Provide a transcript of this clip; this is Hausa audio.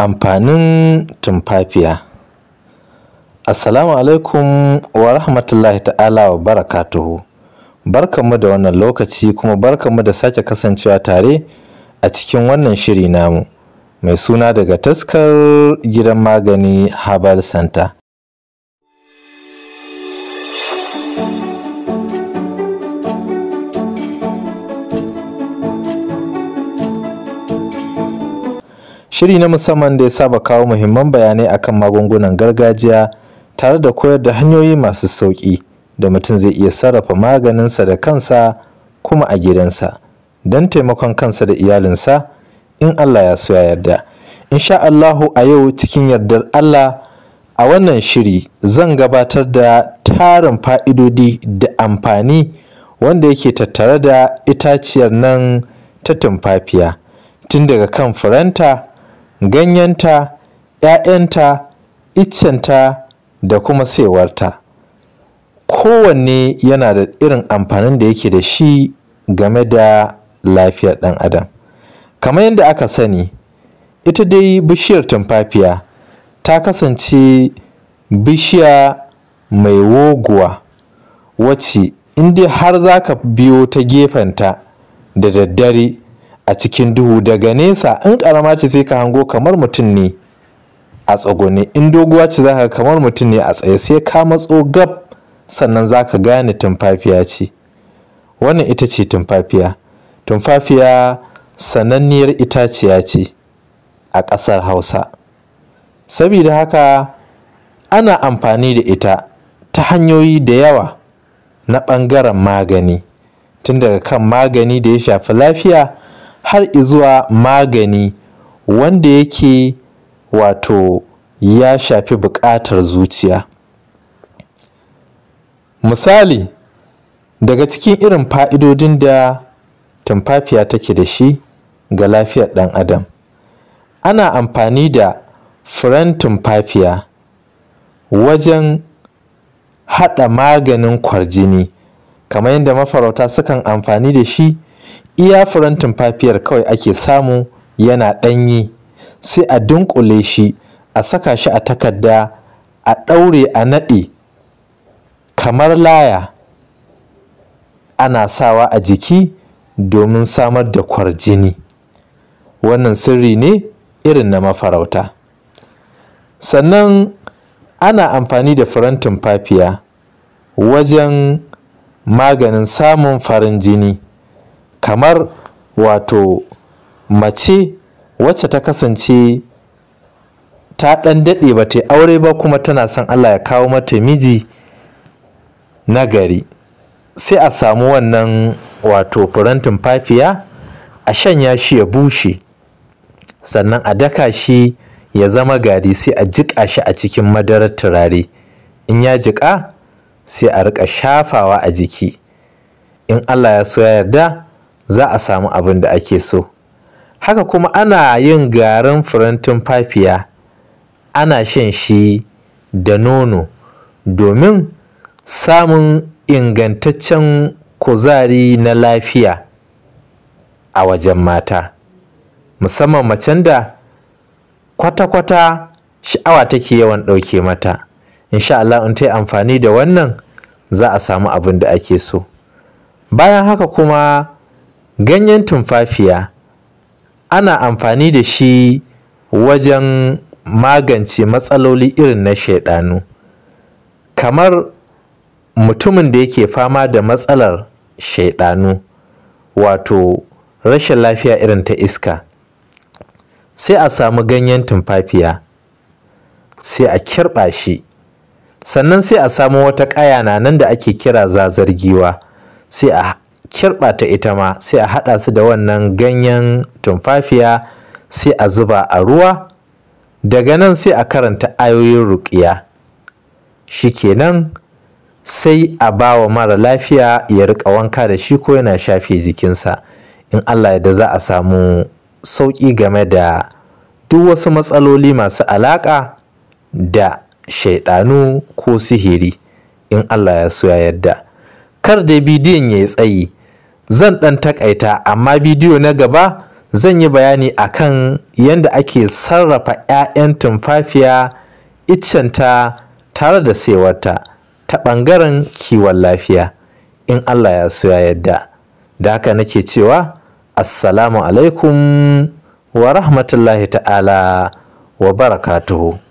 Amfanin tumfafiya. Assalamu alaikum wa rahmatullahi ta'ala wa barakatuhu. Barkanmu da wannan lokaci kuma barkanmu da sake kasancewa tare a cikin wannan shiri namu. Mai suna daga taskar gidan magani Herbal Center. shiri na musamman da ya saba kawo muhimman bayanai akan magungunan gargajiya tare da koyar da hanyoyi masu sauƙi da mutum zai iya sarrafa maganinsa da kansa kuma a gidansa don taimakon kansa da iyalinsa in Allah ya so ya yarda insha Allahu a yau cikin yardar Allah a wannan shiri zan gabatar da tarin fa'idodi da amfani wanda yake tattare da itaciyar nan ta tumfafiya tun daga kan furanta ganyenta, ‘ya'yanta, iccenta da kuma saiwarta. Kowanne yana da irin amfanin da yake da shi game da lafiyar ɗan adam. Kamar yadda aka sani, ita dai bishiyar tumfafiya ta kasance bishiya mai woguwa wacce inda har za ka biyo ta gefenta da daddare a cikin duhu daga nesa in ƙarama ce sai ka hango kamar mutum ne a tsagone in doguwa ce zaka kamar mutum ne a tsaye sai ka matso gab sannan zaka gane tumfafiya ce wannan ita ce tumfafiya tumfafiya sananniyar itaciya ce a ƙasar hausa saboda haka ana amfani da ita ta hanyoyi da yawa na ɓangaren magani tun daga kan magani da ya shafi lafiya har izuwa magani wanda yake wato ya shafi buƙatar zuciya. Misali, daga cikin irin fa'idodin da tumfafiya take da shi ga lafiyar ɗan adam, ana amfani da furen tumfafiya wajen haɗa maganin kwarjini kamar yadda mafarauta sukan amfani da shi iya furen tumfafiyar kawai ake samu yana ɗanye sai a dunkule shi a saka shi a takarda a ɗaure a naɗe kamar laya ana sawa a jiki domin samar da kwarjini wannan sirri ne irin na mafarauta sannan ana amfani da furen tumfafiya wajen maganin samun farin jini kamar wato mace wacce ta kasance ta ɗan daɗe ba ta aure ba kuma tana son Allah ya kawo mata miji na gari sai a samu wannan wato furantin fafiya a shanya shi ya bushe sannan a daka shi ya zama gari sai a jiƙa shi a cikin madarar turare in ya jiƙa sai a riƙa shafawa a jiki in Allah ya so ya yarda za a samu abin da ake so haka kuma ana yin garin furantin fafiya, ana shan shi da nono domin samun ingantaccen kuzari na lafiya a wajen mata musamman macen da kwata-kwata sha'awa take yawan ɗauke mata insha Allah in ta yi amfani da wannan za a samu abin da ake so bayan haka kuma Ganyen tumfafiya ana amfani da shi wajen magance matsaloli irin na shaidanu, kamar mutumin da yake fama da matsalar shaidanu wato rashin lafiya irin ta iska, sai a samu ganyen tumfafiya, sai a kirɓa shi, sannan sai a samu wata ƙaya na nan da ake kira zazar giwa, sai a kirɓa ta ita ma sai a haɗa su da wannan ganyen tumfafiya sai a zuba a ruwa daga nan sai a karanta ayoyin ruƙiya Shi shikenan sai a ba wa mara lafiya ya riƙa wanka da shi ko yana shafe jikinsa in allah da za a samu sauƙi game da duk wasu matsaloli masu alaƙa da shaiɗanu ko sihiri in allah ya so ya yarda kar da bidiyon ya yi tsayi zan ɗan takaita amma bidiyo na gaba zan yi bayani akan yadda ake sarrafa 'ya'yan tumfafiya iccenta tare da saiwarta ta ɓangaren kiwon lafiya in Allah ya so ya yadda da haka nake cewa assalamu alaikum wa rahmatullahi ta'ala wa barakatuhu